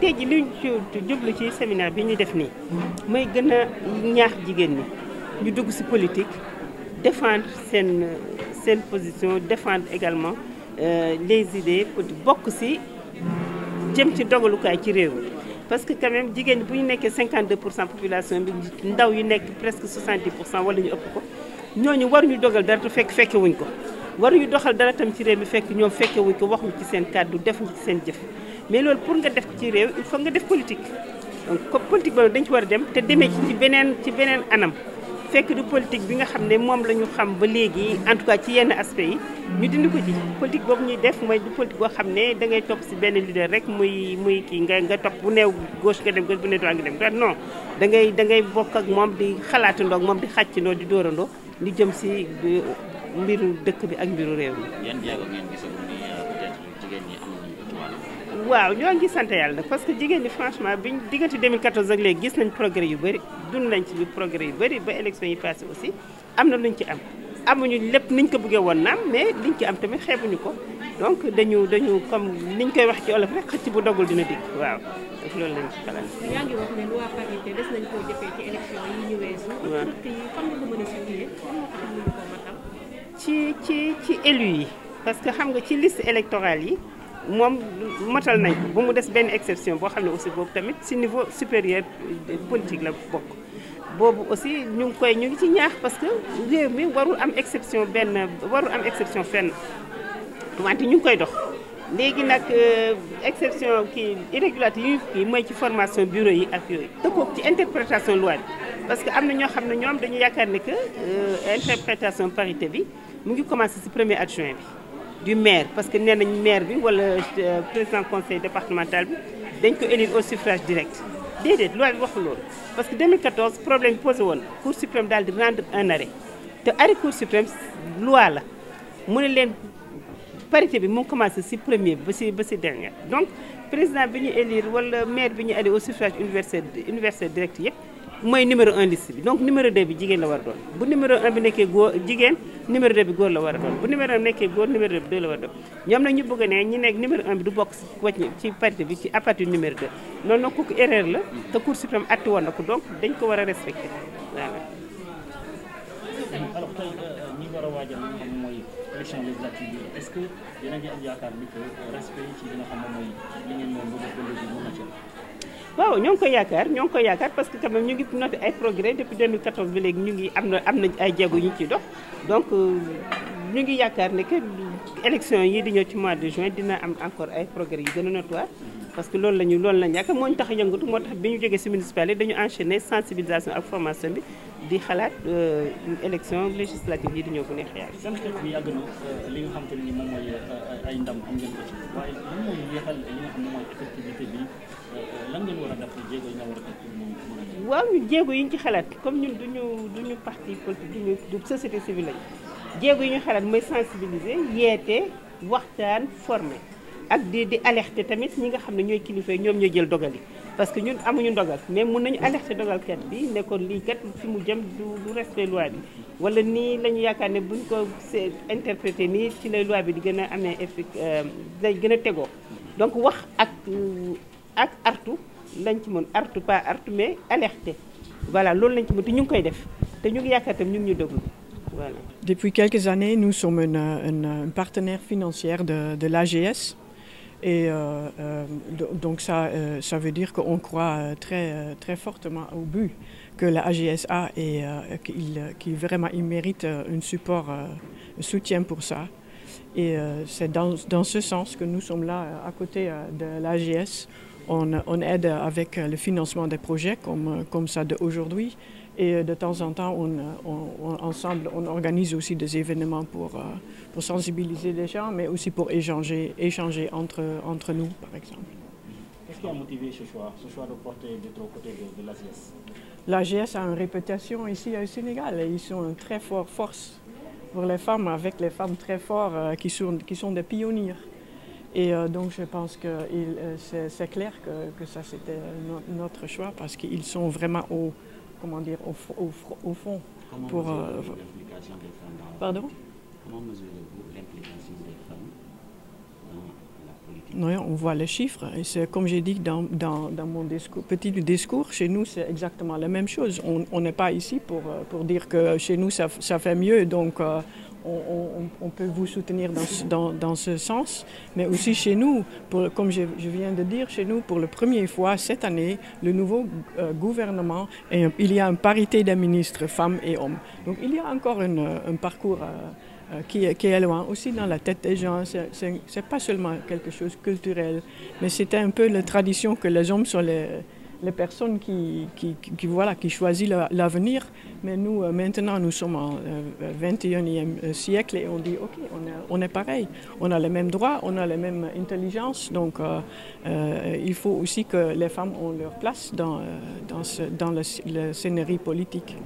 tey ji li ñu jublu ci séminaire bi ñuy def nii mooy gën a ñaax jigéen ñi ñu dugg ci politique défendre seen seen position défendre également euh, les idées pour bokk ci jëm ci dogalukaay ci réew mi parce que quand jigéen bu ñu nekkee 52 pour cent population bi ndaw yi nekk presque 70 pour cent wala ñu ëpp ko ñooñu waruñu dogal dara te fekk fekkee wuñ ko waruñu doxal dara tam ci réew mi fekk ñoom fekke wuñ ko waxuñ ci seen kàddu defuñ ci seen jëf mais loolu pour nga def ko ci réew il faut nga def politique donc comme dañ ci war a dem te demee ci beneen ci beneen anam fekk du politique bi nga xam ne moom la ñu xam ba léegi en tout cas ci yenn aspect yi ñu dindi ko ci politique boobu ñuy def mooy du politique boo xam ne da topp si benn leader rek muy muy kii nga nga topp bu neew gos nga dem gauche bu ne droite nga dem droite non da ngay da ngay bokk ak moom di xalaatandoo ak moom di xàccandoo di dóorandoo di jëm si mbiru dëkk bi ak mbiru réew mi waaw ñoo ngi sant yàlla nag parce que jigéen ñi franchement biñ diggante 2014 ak léegi gis nañ progrès yu bëri dund nañ ci progrès yu bëri ba élection yi passé aussi am na luñ ci amuñu lépp niñ ko bëggee woon naam mais liñ ci am tamit xeebuñu ko donc dañu dañu comme niñ koy wax ci olof rek xëcc bu dogul dina dikk waaw donc loolu nañ koo jëfee ci ci ci ci yi parce que xam nga ci list électorale yi. moom motal nañ ko ba mu des benn exception boo xam ne aussi boobu tamit ci niveau supérieur politique la bokk boobu aussi ñu ngi koy ñu ngi ci ñaax parce que réew mi warul am exception benn warul am exception fenn wante ñu ngi koy dox léegi nag euh, exception kii irrégularité yu kii mooy ci formation bureau yi ak yooyu tëkkoog ci interprétation loi bi parce que am na ñoo xam ne ñoom dañu yaakaar ne que euh, interprétation parité bi mu ngi commencé ci premier adjoint bi di maire parce que nee nañ maire bi wala euh, président conseil départemental bi dañ ko élire au suffrage direct déedéet loi bi waxul loolu parce que 2014 problème bi posé woon cour suprême daal di rendre un arrêt te arrêt cour suprême loi la mu ne leen parité bi mu commencé ci premier bi ba ci ba ci dernier donc président bi ñu élire wala maire bi ñu élire au suffrage universel universel direct yëpp mooy numéro un liste bi donc numéro de bi jigéen la war a doon bu numéro un bi nekkee góor jigéen numéro deux bi góor la war a doon bu numéro un bi nekkee góor numéro deux bi deux la war a doon ñoom nag ñu bëgg ne ñi nekk numéro un bi du bokk ci ci parité bi ci à partir numéro deux loolu nag kooku la te Cour suprême atti woon na ko donc dañ ko war a respecté voilà. alors tey euh, li nga xam mooy élection bi est-ce que ci li waaw ñoo ngi koy yaakaar ñoo ngi koy yaakaar parce que quand même ñu ngi noté ay progrès depuis 2014 bi léegi ñu ngi am na am na ay jéego yu ñu ciy dox donc euh, ñu ngi yaakaar ne que élection yi di ñëw ci mois de juin dina am encore ay progrès yu gën a notoire parce que loolu lañuy ñu loolu la ñu yàgg moo ñu tax a yëngatu moo tax bi ñu jógee si municipalité dañu enchaîner sensibilisation ak formation bi di xalaat euh, élection législative yi di ñëw bu neex yàlla. seen xeex yàgg na euh, euh, li nga xam ko ci waaye jéego yi ñu ci xalaat comme ñun duñu duñu du société civile lañu jéego yi ñu xalaat mooy sensibiliser yeete waxtaan former. ak di di alerter tamit ñi nga xam ne ñooy kilifa ñoom ñooy jël dogal parce que ñun amuñu dogal mais mun nañu alerter dogalkat bi ne ko lii fi mu jëm du du respect loi bi wala nii la ñu yaakaar ne buñ ko see interprété nii ci lay loi bi di gën a amee effet euh, day gën a tegoo donc wax ak ak artu lañ ci mën artu pas artu mais alerter voilà loolu lañ ci mën te ñu ngi koy def te ñu ngi yaakaar tam ñun ñu déglu voilà. Depuis quelques années nous sommes un un, partenaire financier de de l'AGS. Et euh, euh, donc ça, euh, ça veut dire qu'on croit euh, très, euh, très fortement au but que la AGSA est, euh, qu'il, qu vraiment il mérite un support, un soutien pour ça. Et c'est dans, dans, ce sens que nous sommes là à côté de l'AGS on, on, aide avec le financement des projets comme, comme d'aujourd'hui. Et de temps en temps, on, on, ensemble, on organise aussi des événements pour, euh, sensibiliser les gens, mais aussi pour échanger, entre, nous, par exemple. de porter d'être l'AGS a une réputation ici au Sénégal. Ils sont une très forte force pour les femmes, avec les femmes très fortes euh, qui, sont, qui sont des pionnières. Et euh, donc je pense que euh, c'est clair que, que ça c'était no, notre choix parce qu'ils sont vraiment au, comment dire, au, au, au fond. Comment pour, mesurez euh, l'implication des femmes dans Pardon Comment mesurez-vous l'implication des femmes dans la politique oui, On voit les chiffres. Et c'est comme j'ai dit dans, dans, dans, mon discours, petit discours, chez nous c'est exactement la même chose. On n'est pas ici pour, euh, pour dire que chez nous ça, ça fait mieux. Donc euh, on, on, on, peut vous soutenir dans, dans, dans, ce sens, mais aussi chez nous, pour, comme je, je, viens de dire, chez nous, pour la première fois cette année, le nouveau euh, gouvernement, et, il y a une parité des ministres, femmes et hommes. Donc il y a encore une, un parcours euh, euh qui, qui, est loin, aussi dans la tête des gens. Ce n'est pas seulement quelque chose de culturel, mais c'est un peu la tradition que les hommes sont les les personnes qui, qui, qui, qui voilà, qui choisissent l'avenir. Mais nous, euh, maintenant, nous sommes au euh, 21e euh, siècle et on dit, OK, on, a, on, est pareil. On a les mêmes droits, on a les mêmes intelligences. Donc, euh, euh, il faut aussi que les femmes ont leur place dans, euh, dans, ce, dans la, la scénario politique.